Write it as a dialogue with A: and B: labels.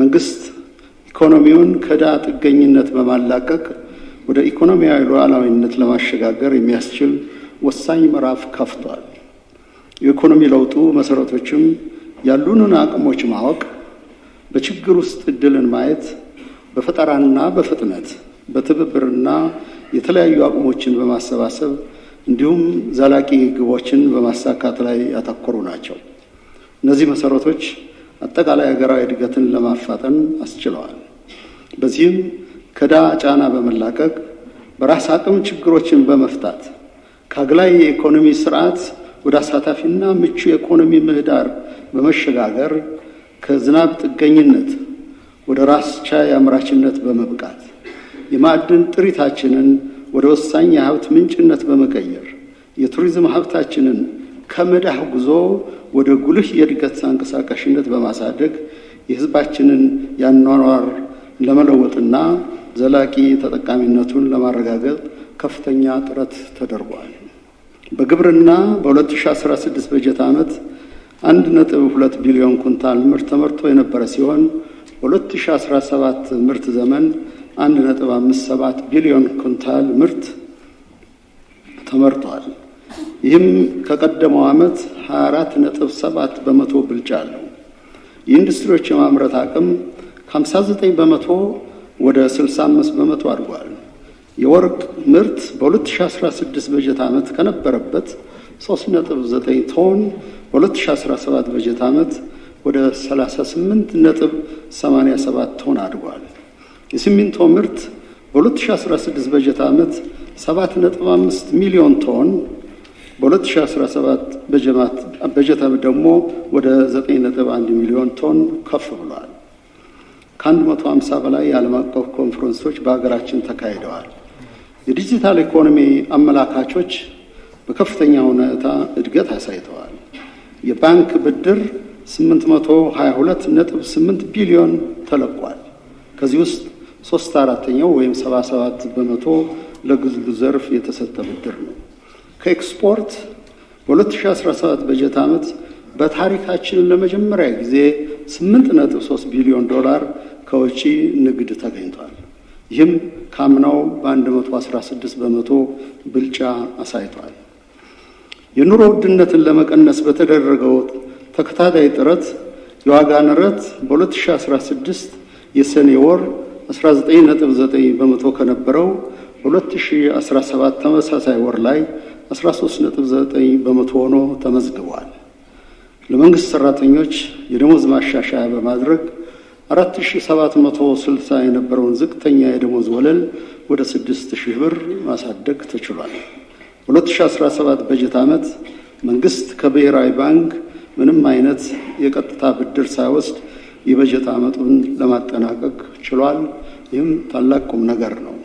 A: መንግስት ኢኮኖሚውን ከዳ ጥገኝነት በማላቀቅ ወደ ኢኮኖሚያዊ ሉዓላዊነት ለማሸጋገር የሚያስችል ወሳኝ ምዕራፍ ከፍቷል። የኢኮኖሚ ለውጡ መሰረቶችም ያሉንን አቅሞች ማወቅ፣ በችግር ውስጥ እድልን ማየት፣ በፈጠራና በፍጥነት በትብብርና የተለያዩ አቅሞችን በማሰባሰብ እንዲሁም ዘላቂ ግቦችን በማሳካት ላይ ያተኮሩ ናቸው። እነዚህ መሰረቶች አጠቃላይ ሀገራዊ እድገትን ለማፋጠን አስችለዋል። በዚህም ከዳ ጫና በመላቀቅ በራስ አቅም ችግሮችን በመፍታት ከአግላይ የኢኮኖሚ ስርዓት ወደ አሳታፊና ምቹ የኢኮኖሚ ምህዳር በመሸጋገር ከዝናብ ጥገኝነት ወደ ራስ ቻይ አምራችነት በመብቃት የማዕድን ጥሪታችንን ወደ ወሳኝ የሀብት ምንጭነት በመቀየር የቱሪዝም ሀብታችንን ከመዳህ ጉዞ ወደ ጉልህ የእድገት አንቀሳቃሽነት በማሳደግ የህዝባችንን ያኗኗር ለመለወጥና ዘላቂ ተጠቃሚነቱን ለማረጋገጥ ከፍተኛ ጥረት ተደርጓል። በግብርና በ2016 በጀት ዓመት 1.2 ቢሊዮን ኩንታል ምርት ተመርቶ የነበረ ሲሆን በ2017 ምርት ዘመን 1.57 ቢሊዮን ኩንታል ምርት ተመርቷል። ይህም ከቀደመው ዓመት 24.7 በመቶ ብልጫ አለው። የኢንዱስትሪዎች የማምረት አቅም ከ59 በመቶ ወደ 65 በመቶ አድጓል። የወርቅ ምርት በ2016 በጀት ዓመት ከነበረበት 3.9 ቶን በ2017 በጀት ዓመት ወደ 38.87 ቶን አድጓል። የሲሚንቶ ምርት በ2016 በጀት ዓመት 7.5 ሚሊዮን ቶን በ2017 በጀት ዓመት ደግሞ ወደ 9.1 ሚሊዮን ቶን ከፍ ብሏል። ከ150 በላይ የዓለም አቀፍ ኮንፈረንሶች በሀገራችን ተካሂደዋል። የዲጂታል ኢኮኖሚ አመላካቾች በከፍተኛ ሁኔታ እድገት አሳይተዋል። የባንክ ብድር 822.8 ቢሊዮን ተለቋል። ከዚህ ውስጥ ሶስት አራተኛው ወይም 77 በመቶ ለግሉ ዘርፍ የተሰጠ ብድር ነው። ከኤክስፖርት በ2017 በጀት ዓመት በታሪካችን ለመጀመሪያ ጊዜ 8.3 ቢሊዮን ዶላር ከውጪ ንግድ ተገኝቷል። ይህም ካምናው በ116 በመቶ ብልጫ አሳይቷል። የኑሮ ውድነትን ለመቀነስ በተደረገው ተከታታይ ጥረት የዋጋ ንረት በ2016 የሰኔ ወር 19.9 በመቶ ከነበረው በ2017 ተመሳሳይ ወር ላይ 13.9 በመቶ ሆኖ ተመዝግቧል። ለመንግስት ሰራተኞች የደሞዝ ማሻሻያ በማድረግ 4760 የነበረውን ዝቅተኛ የደሞዝ ወለል ወደ 6000 ብር ማሳደግ ተችሏል። 2017 በጀት ዓመት መንግስት ከብሔራዊ ባንክ ምንም አይነት የቀጥታ ብድር ሳይወስድ የበጀት ዓመቱን ለማጠናቀቅ ችሏል። ይህም ታላቅ ቁም ነገር ነው።